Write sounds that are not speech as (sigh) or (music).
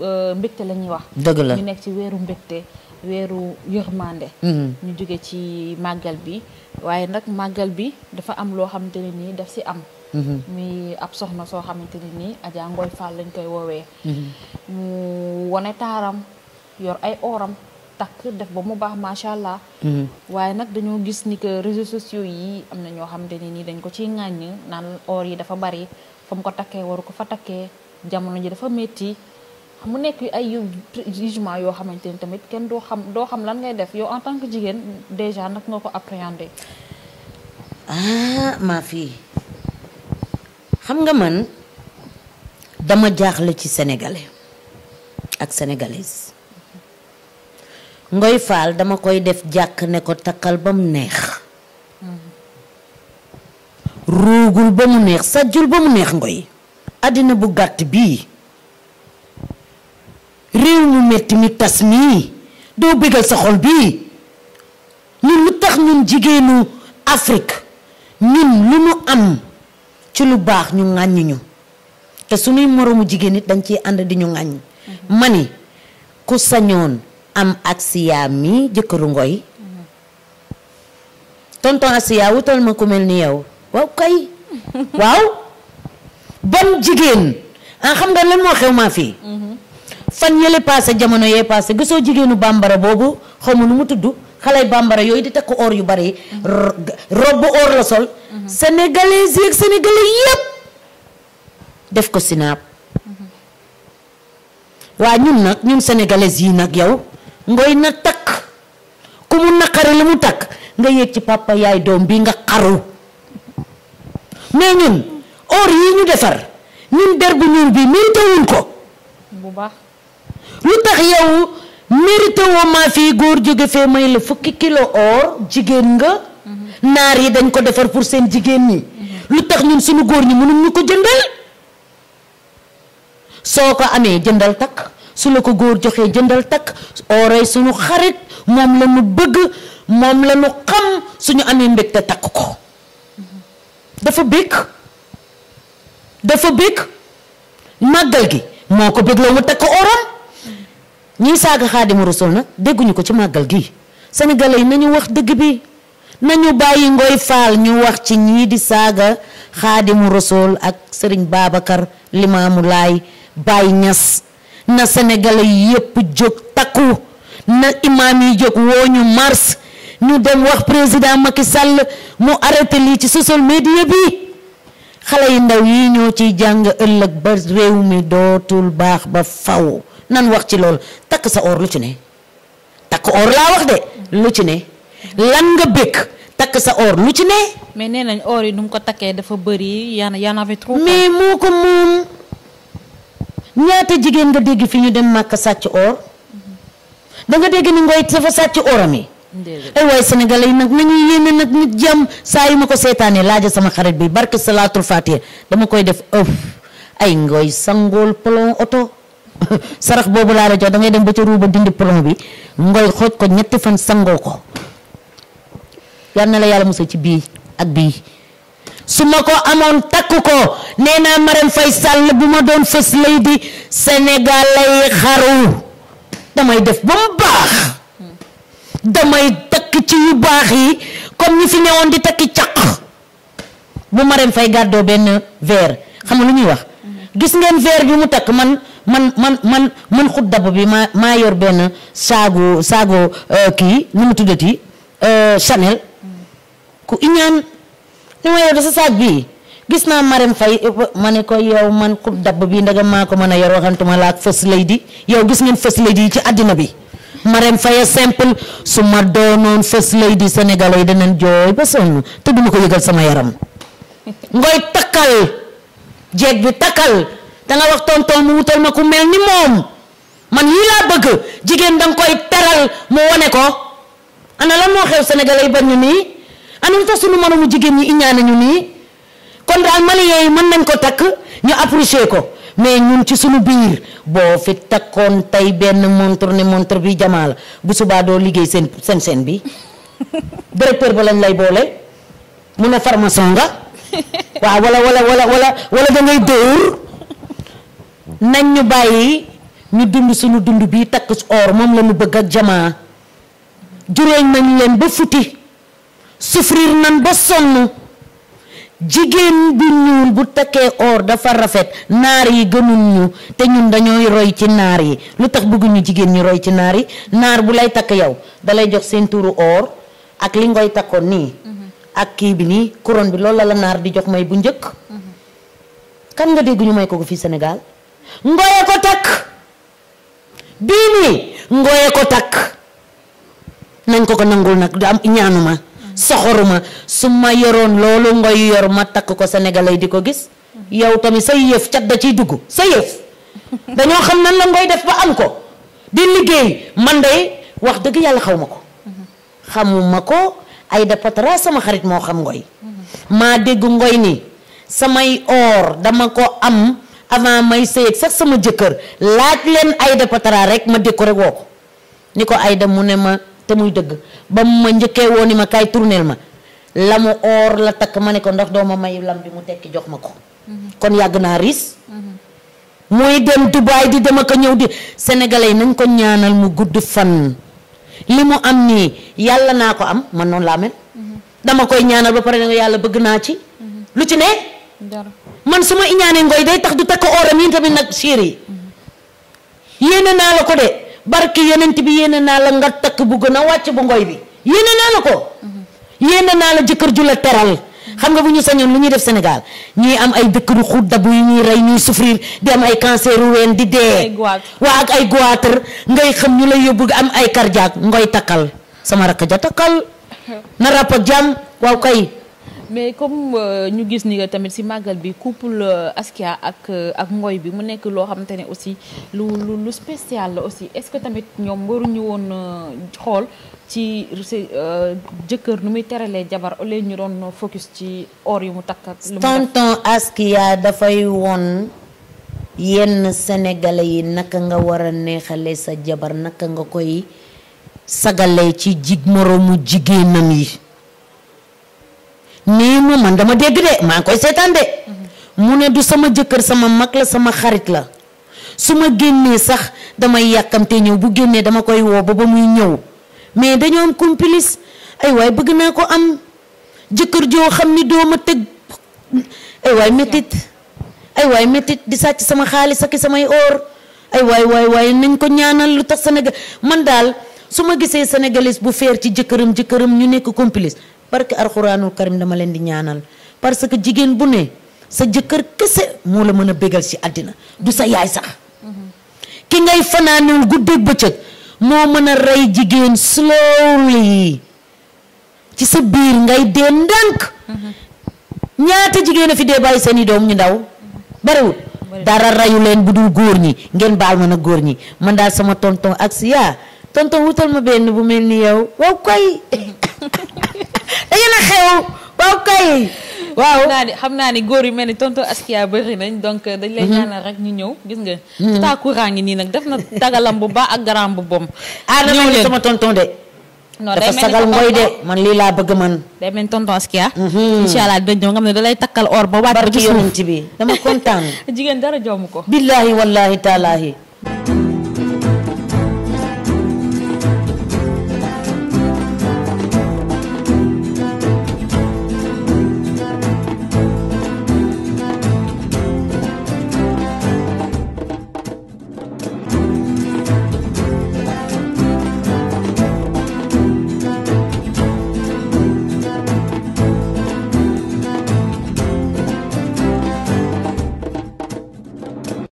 Euh, mbégte la ñuy wax. dëgg la nekk ci weeru mbégte weeru yërmande. Mm-hmm. ñu jóge ci màggal bi waaye nag màggal bi dafa am loo xamante ne nii daf si am. Mm-hmm. muy ab soxna soo xamante ne nii Adja Ngoy Fall lañ koy woowee. Mm-hmm. mu wane taaram yor ay ooram. takk def ba mu baax macha allah. waaye nag dañoo gis ni que réseaux sociaux yi am na ñoo xamante ne nii dañ ko ciy ŋàññ naan or yi dafa bari fa mu ko takkee waru ko fa takkee jamono ji dafa metti mu nekk ay yu jugement yoo xamante ni tamit kenn doo xam doo xam lan ngay def yow en tant que jigéen déjà nag nga ko appréhender. ah maa fii xam nga man dama jaaxle ci sénégalais ak sénégalaise ngoy faal dama koy def jàkk ne ko takkal ba mu neex. Mm-hmm. ruugul ba mu neex sajjul ba mu neex ngoy. àddina bu gàtt bii. metti mi tas mii doo bégal sa xol bii ñun lu tax ñun jigéenu Afrique ñun lu ñu am ci lu baax ñu ŋàññi ñu te suñuy moroomu jigéen it dañ ciy ànd di ñu ŋàññ mm-hmm. ma ni ku sañoon am Asiya mi jëkkëru Ngoy mm-hmm. tonton Asiya wutal ma ku mel ni yow waaw kay (laughs) waaw bon jigéen ah xam nga lan moo xew maa fii mm-hmm. fan yële passé jamono yee passé gisoo jigéenu bambara boobu xaw nu mu tudd xale bambara yooyu di takk or yu bari robe or la sol. sénégalais yi ak sénégalais ko sinaab waa nag ñun sénégalais yi nag yow ngoy na takk ku mu naqari li mu takk nga yéeg ci pàppa yaay doom bi nga xaru mais ñun or yi ñu defar ñun der bu bi mérité wuñ ko lu tax yow mérité woo fii góor jóge fee may la fukki kilo or jigéen nga naar yi dañ ko defar pour seen jigéen ñi lu tax ñun suñu góor ñi mënuñ ñu ko jëndal soo ko amee jëndal takk su la ko góor joxee jëndal takk ooray suñu xarit moom la bëgg moom la xam suñu amee mbégte takk ko dafa bëgg dafa bëgg màggal gi moo ko bëgg la mu takk oram ñii saaga xaadimu rasul nag dégguñu ko ci màggal gi sénégalais yi nañu wax dëgg bi nañu bàyyi ngoy faal ñu wax ci ñii di saaga xaadimu rasul ak sëriñ Babacar limaamu lay Baay Ñas na senegale yi yépp jóg takku na imaam yi jóg woo ñu mars ñu dem wax président Macky Sall mu arrêté lii ci social media bi xale yu ndaw yi ñoo ciy jàng ëllëg ba réew mi dootul baax ba faw nan wax ci loolu takk sa or lu ci ne takk or laa wax de lu ci ne lan nga bëgg takk sa or lu ci ne. mais nee nañ or yi dum ko takkee dafa bëri y en y en mais moo ko moom ñaata jigéen nga dégg fi ñu dem màkk sàcc or da nga dégg ni ngoy dafa sàcc oram yi. ay waaye sénégalais yi nag nañuy yéene nag nit jàmm saa yu ma ko seetaanee laaja sama xarit bi barke salaatul faatiha dama koy def ëf ay ngoy sangool plomb oto. (laughs) sarax boobu laa la jox da ngay dem ba ca ruuba dindi plomb bi ngoy xooj ko ñetti fan sangoo ko yal na la yàlla musal ci bii ak bii su ma ko amoon takk ko nee naa Marème Faye Sall bu ma doon fës lay di Sénégal lay xaru damay def ba mu baax damay takk ci yu baax yi comme ñi fi newoon di takki caq bu Marème fay gàddoo benn verre xam nga lu ñuy wax mm-hmm. gis ngeen verre bi mu takk man man man man man xutdab bi maa maa yor benn saago saago euh, kii nu mu tuddati euh, Chanel ku iñaan ni ma yor da sa saag bii gis naa Marème fay euh, ma ne ko yow man ku dabb bi ndaga maa ko mën a yor waxantuma laa first di yow gis ngeen first lady yi ci àddina bi Marème Faye simple su ma doonoon first lady sénégalais yi danañ jooy ba sonn te duma ko yëgal sama yaram (laughs) ngoy takkal jeeg bi takkal danga wax tonton mu wutal ma ku mel ni moom man yii laa bëgg jigéen danga koy teral mu wone ko ana lan moo xew senegal yi bañ ñu nii ana lu tax suñu moromu jigéen ñi iñaane nañu nii kon daal malien yi mën nañ ko takk ñu apprécier ko mais ñun ci suñu biir boo fi takkoon tey benn montre ne montre bi jamaa la bu subaa doo liggéey seen seen seen bi (laughs) directeur ba lañ lay boole mu ne farmason nga (laughs) waaw wala wala wala wala wala da ngay nañ ñu bàyyi ñu dund suñu dund bii takk or moom la ñu bëgg ak jamaa juréeñ nañ leen ba futi souffrir nan ba sonn jigéen bu ñuul bu takkee or dafa rafet naar yi gënuñ ñu te ñun dañooy roy ci naar yi lu tax bëgguñu jigéen ñi roy ci naar yi naar bu lay takk yow dalay jox seen turu or ak li ngoy takkoon nii mm-hmm. ak kii bi nii couronne bi loolu la naar di jox may bu njëkk mm-hmm. kan nga dégg ñu may ko ko fii ngooye ko takk bii nii ngooye ko takk nañ ko ko nangul nag du am ñaanuma soxoruma su ma yoroon loolu ngoy yor ma takk ko sénégalais di ko gis yow tamit sa yëf cat da ciy dugg sa yëf dañoo xam nan la ngoy def ba am ko di liggéey man de wax dëgg yàlla xaw ma ko xamuma ko ay da patara sama xarit moo xam ngoy mhm. maa dégg ngoy ni samay or dama ko am avant may sëyeeg sax sama jëkkër laaj leen Aïda Patara rek ma décoré woo ko ni ko Aïda mu ne ma te muy dëgg ba mu ma njëkkee woon ni ma kaay tourneel ma la mu or la takk ma ne ko ndax doo ma may lam bi mu tekki jox ma ko. Mhm. kon yàgg naa riis. mooy mhm. dem Dubaay di dem ak ñëw di sénégalais yi nañ ko ñaanal mu gudd fan. li mu am nii yàlla naa ko am man noonu laa mel. Mhm. dama koy ñaanal ba pare na nga yàlla bëgg naa ci. lu ci ne. man su ma iñaanee ngoy day tax du takk ooram yi tamit nag chéri yéene naa la ko de barke yonent bi yéene naa la nga takk bu na a wàcc bu ngoy bi yéene naa la ko yéene naa la jëkkër ju la teral xam nga bu ñu sañoon lu ñuy def senegal ñuy am ay dëkk ru xuut dabu yu ñuy rey ñuy souffrir di am ay cancer ru ween di dee waa ak ay goitre ngay xam ñu lay yóbbu am ay cardiaque ngoy takkal sama rakk ja takkal (laughs) na ràpp ak jàmm waaw kay mais comme euh, ñu gis ni tamit si màggal bi couple euh, Askia ak euh, ak Ngoy bi mu nekk loo xamante ne aussi lu lu lu la aussi est-ce que tamit ñoom waruñu woon xool ci jëkkër nu muy teralee jabar au ñu doon focus ci or yu mu takk ak lu mu Askia dafay woon yenn senegale yi naka nga war a neexale sa jabar naka nga koy sagale ci jig moroomu jigéenam yi nee ma man dama dégg de maa ngi koy seetaan de mu ne du sama jëkkër sama mag la sama xarit la su ma génnee sax damay yàkkamte ñëw bu génnee dama koy woo ba ba muy ñëw mais dañoo am complice ay waay bëgg naa ko am jëkkër joo xam ni doo ma tëgg ay waay métit ay waay métit di sàcc sama xaalis ak samay or ay waay waay waay nañ ko ñaanal lu tax Sénégal man daal su ma gisee sénégalais bu feer ci jëkkëram jëkkëram ñu nekk complice barke alxuraanul karim dama leen di ñaanal parce que jigéen bu ne sa jëkkër kese moo la mën a bégal si àddina du sa yaay sax ki ngay fanaanewul guddeeg bëccëg moo mën a rey jigéen slowly ci sa biir ngay dee ndànk ñaata jigéen a fi dee bàyyi seen i doom ñu ndaw barewul dara reyu leen bu dul góor ñi ngeen baal ma na góor ñi man daal sama tonton ak si yaa tonton wutal ma benn bu mel ni yow waaw koy (laughs) waaw kay. waaw xam naa ni góor yu mel ni tonton Askia bëri nañ donc. dañ lay mhm. ñaanal rek ñu ñëw gis nga. Mhm. taa courant ngi nii nag def na tagalam bu ba ak garam bu bom. Ah, ñëw leen ah sama tonton de. non dafa sagal ngoy de man lii laa bëgg man. day mel ni tonton Askia. Mhm. incha allah dinañ ñëw nga ne da lay takkal or ba waat ba ci suuf barki yonent bi dama kontaan. (laughs) jigéen dara joomu ko. billaahi wallaahi taalaahi.